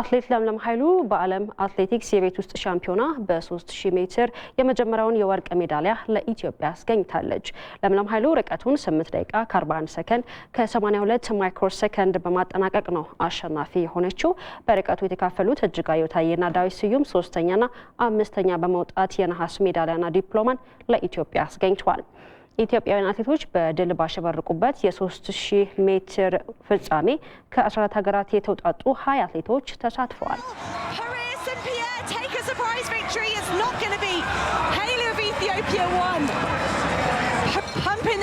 አትሌት ለምለም ኃይሉ በዓለም አትሌቲክስ የቤት ውስጥ ሻምፒዮና በ3000 ሜትር የመጀመሪያውን የወርቅ ሜዳሊያ ለኢትዮጵያ አስገኝታለች። ለምለም ኃይሉ ርቀቱን 8 ደቂቃ ከ41 ሰከንድ ከ82 ማይክሮ ሰከንድ በማጠናቀቅ ነው አሸናፊ የሆነችው። በርቀቱ የተካፈሉት እጅጋየሁ ታዬና ዳዊት ስዩም ሶስተኛና አምስተኛ በመውጣት የነሐስ ሜዳሊያና ዲፕሎማን ለኢትዮጵያ አስገኝቷል። ኢትዮጵያውያን አትሌቶች በድል ባሸበረቁበት የ3000 ሜትር ፍጻሜ ከ14 ሀገራት የተውጣጡ 20 አትሌቶች ተሳትፈዋል። Pumping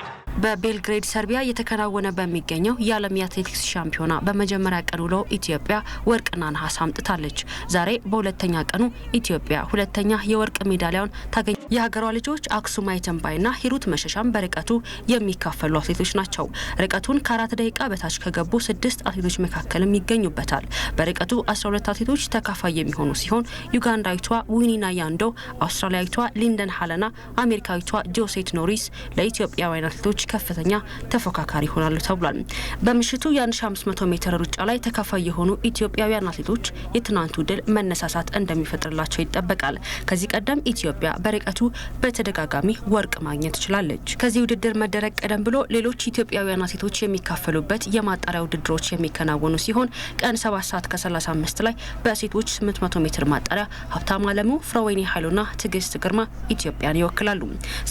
በቤልግሬድ ሰርቢያ እየተከናወነ በሚገኘው የዓለም የአትሌቲክስ ሻምፒዮና በመጀመሪያ ቀን ውሎ ኢትዮጵያ ወርቅና ነሐስ አምጥታለች። ዛሬ በሁለተኛ ቀኑ ኢትዮጵያ ሁለተኛ የወርቅ ሜዳሊያውን ታገኝ። የሀገሯ ልጆች አክሱም አይተንባይና ሂሩት መሸሻም በርቀቱ የሚካፈሉ አትሌቶች ናቸው። ርቀቱን ከአራት ደቂቃ በታች ከገቡ ስድስት አትሌቶች መካከልም ይገኙበታል። በርቀቱ 12 አትሌቶች ተካፋይ የሚሆኑ ሲሆን ዩጋንዳዊቷ ዊኒና ያንዶ፣ አውስትራሊያዊቷ ሊንደን ሀለና፣ አሜሪካዊቷ ጆሴት ኖሪስ ለኢትዮጵያውያን አትሌቶች ከፍተኛ ተፎካካሪ ይሆናሉ ተብሏል። በምሽቱ የ1500 ሜትር ሩጫ ላይ ተካፋይ የሆኑ ኢትዮጵያውያን አትሌቶች የትናንቱ ድል መነሳሳት እንደሚፈጥርላቸው ይጠበቃል። ከዚህ ቀደም ኢትዮጵያ በርቀቱ በተደጋጋሚ ወርቅ ማግኘት ትችላለች። ከዚህ ውድድር መደረግ ቀደም ብሎ ሌሎች ኢትዮጵያውያን አትሌቶች የሚካፈሉበት የማጣሪያ ውድድሮች የሚከናወኑ ሲሆን ቀን 7 ሰዓት ከ35 ላይ በሴቶች 800 ሜትር ማጣሪያ ሀብታም አለሙ፣ ፍራወይኒ ኃይሉና ትዕግስት ግርማ ኢትዮጵያን ይወክላሉ።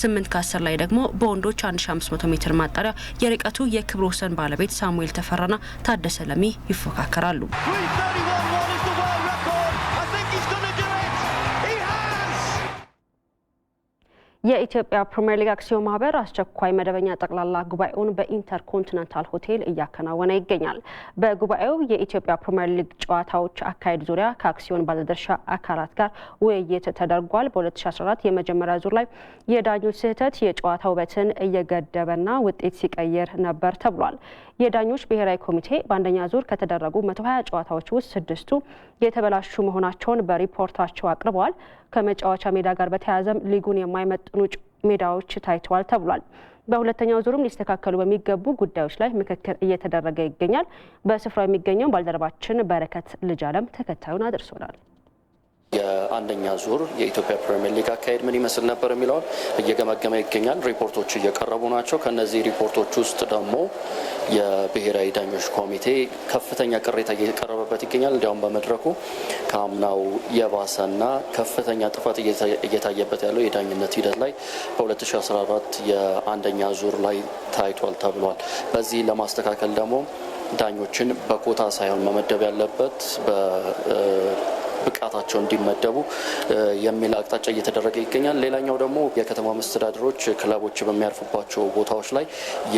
8 ከ10 ላይ ደግሞ በወንዶች 1500 ሜትር ማጣሪያ የርቀቱ የክብረ ወሰን ባለቤት ሳሙኤል ተፈራና ታደሰ ለሚ ይፎካከራሉ። የኢትዮጵያ ፕሪምየር ሊግ አክሲዮን ማህበር አስቸኳይ መደበኛ ጠቅላላ ጉባኤውን ኮንቲነንታል ሆቴል እያከናወነ ይገኛል። በጉባኤው የኢትዮጵያ ፕሪምየር ሊግ ጨዋታዎች አካሄድ ዙሪያ ከአክሲዮን ባለድርሻ አካላት ጋር ውይይት ተደርጓል። በ2014 የመጀመሪያ ዙር ላይ የዳኞች ስህተት የጨዋታ ውበትን እየገደበና ውጤት ሲቀይር ነበር ተብሏል። የዳኞች ብሔራዊ ኮሚቴ በአንደኛ ዙር ከተደረጉ 120 ጨዋታዎች ውስጥ ስድስቱ የተበላሹ መሆናቸውን በሪፖርታቸው አቅርበዋል። ከመጫወቻ ሜዳ ጋር በተያያዘም ሊጉን የማይመጥኑ ሜዳዎች ታይተዋል ተብሏል። በሁለተኛው ዙርም ሊስተካከሉ በሚገቡ ጉዳዮች ላይ ምክክር እየተደረገ ይገኛል። በስፍራው የሚገኘው ባልደረባችን በረከት ልጅ አለም ተከታዩን አድርሶናል። የአንደኛ ዙር የኢትዮጵያ ፕሪሚየር ሊግ አካሄድ ምን ይመስል ነበር የሚለውን እየገመገመ ይገኛል። ሪፖርቶቹ እየቀረቡ ናቸው። ከነዚህ ሪፖርቶች ውስጥ ደግሞ የብሔራዊ ዳኞች ኮሚቴ ከፍተኛ ቅሬታ እየቀረበበት ይገኛል። እንዲያውም በመድረኩ ከአምናው የባሰና ከፍተኛ ጥፋት እየታየበት ያለው የዳኝነት ሂደት ላይ በ2014 የአንደኛ ዙር ላይ ታይቷል ተብሏል። በዚህ ለማስተካከል ደግሞ ዳኞችን በኮታ ሳይሆን መመደብ ያለበት ብቃታቸው እንዲመደቡ የሚል አቅጣጫ እየተደረገ ይገኛል። ሌላኛው ደግሞ የከተማ መስተዳድሮች ክለቦች በሚያርፉባቸው ቦታዎች ላይ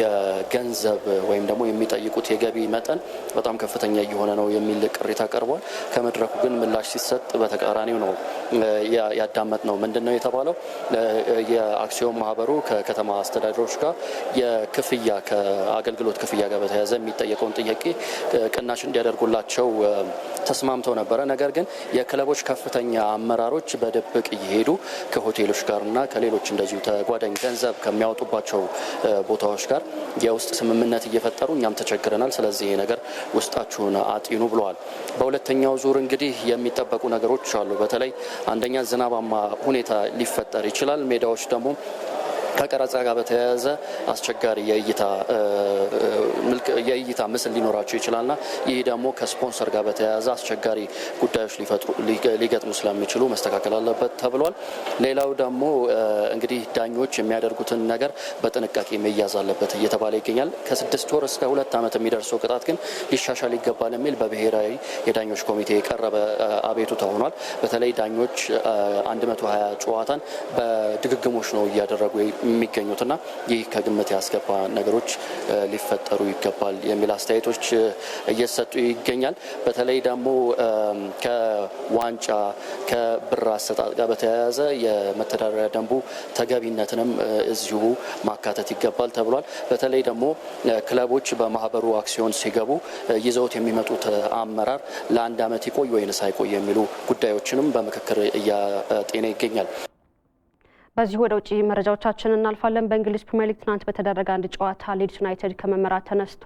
የገንዘብ ወይም ደግሞ የሚጠይቁት የገቢ መጠን በጣም ከፍተኛ እየሆነ ነው የሚል ቅሬታ ቀርቧል። ከመድረኩ ግን ምላሽ ሲሰጥ በተቃራኒው ነው ያዳመጥ ነው። ምንድን ነው የተባለው? የአክሲዮን ማህበሩ ከከተማ አስተዳደሮች ጋር የክፍያ ከአገልግሎት ክፍያ ጋር በተያያዘ የሚጠየቀውን ጥያቄ ቅናሽ እንዲያደርጉላቸው ተስማምተው ነበረ። ነገር ግን የክለቦች ከፍተኛ አመራሮች በድብቅ እየሄዱ ከሆቴሎች ጋርና ከሌሎች እንደዚሁ ተጓዳኝ ገንዘብ ከሚያወጡባቸው ቦታዎች ጋር የውስጥ ስምምነት እየፈጠሩ እኛም ተቸግረናል፣ ስለዚህ ይሄ ነገር ውስጣችሁን አጢኑ ብለዋል። በሁለተኛው ዙር እንግዲህ የሚጠበቁ ነገሮች አሉ። በተለይ አንደኛ ዝናባማ ሁኔታ ሊፈጠር ይችላል። ሜዳዎች ደግሞ ከቀረጻ ጋር በተያያዘ አስቸጋሪ የእይታ የእይታ ምስል ሊኖራቸው ይችላልና ይህ ደግሞ ከስፖንሰር ጋር በተያያዘ አስቸጋሪ ጉዳዮች ሊገጥሙ ስለሚችሉ መስተካከል አለበት ተብሏል። ሌላው ደግሞ እንግዲህ ዳኞች የሚያደርጉትን ነገር በጥንቃቄ መያዝ አለበት እየተባለ ይገኛል። ከስድስት ወር እስከ ሁለት ዓመት የሚደርሰው ቅጣት ግን ሊሻሻል ይገባል የሚል በብሔራዊ የዳኞች ኮሚቴ የቀረበ አቤቱታ ሆኗል። በተለይ ዳኞች 120 ጨዋታን በድግግሞች ነው እያደረጉ የሚገኙትና ይህ ከግምት ያስገባ ነገሮች ሊፈጠሩ ይገባል። ይገባል የሚል አስተያየቶች እየሰጡ ይገኛል። በተለይ ደግሞ ከዋንጫ ከብር አሰጣጥ ጋር በተያያዘ የመተዳደሪያ ደንቡ ተገቢነትንም እዚሁ ማካተት ይገባል ተብሏል። በተለይ ደግሞ ክለቦች በማህበሩ አክሲዮን ሲገቡ ይዘውት የሚመጡት አመራር ለአንድ ዓመት ይቆይ ወይን አይቆይ የሚሉ ጉዳዮችንም በምክክር እያጤነ ይገኛል። በዚህ ወደ ውጭ መረጃዎቻችን እናልፋለን። በእንግሊዝ ፕሪሚየር ሊግ ትናንት በተደረገ አንድ ጨዋታ ሊድስ ዩናይትድ ከመመራት ተነስቶ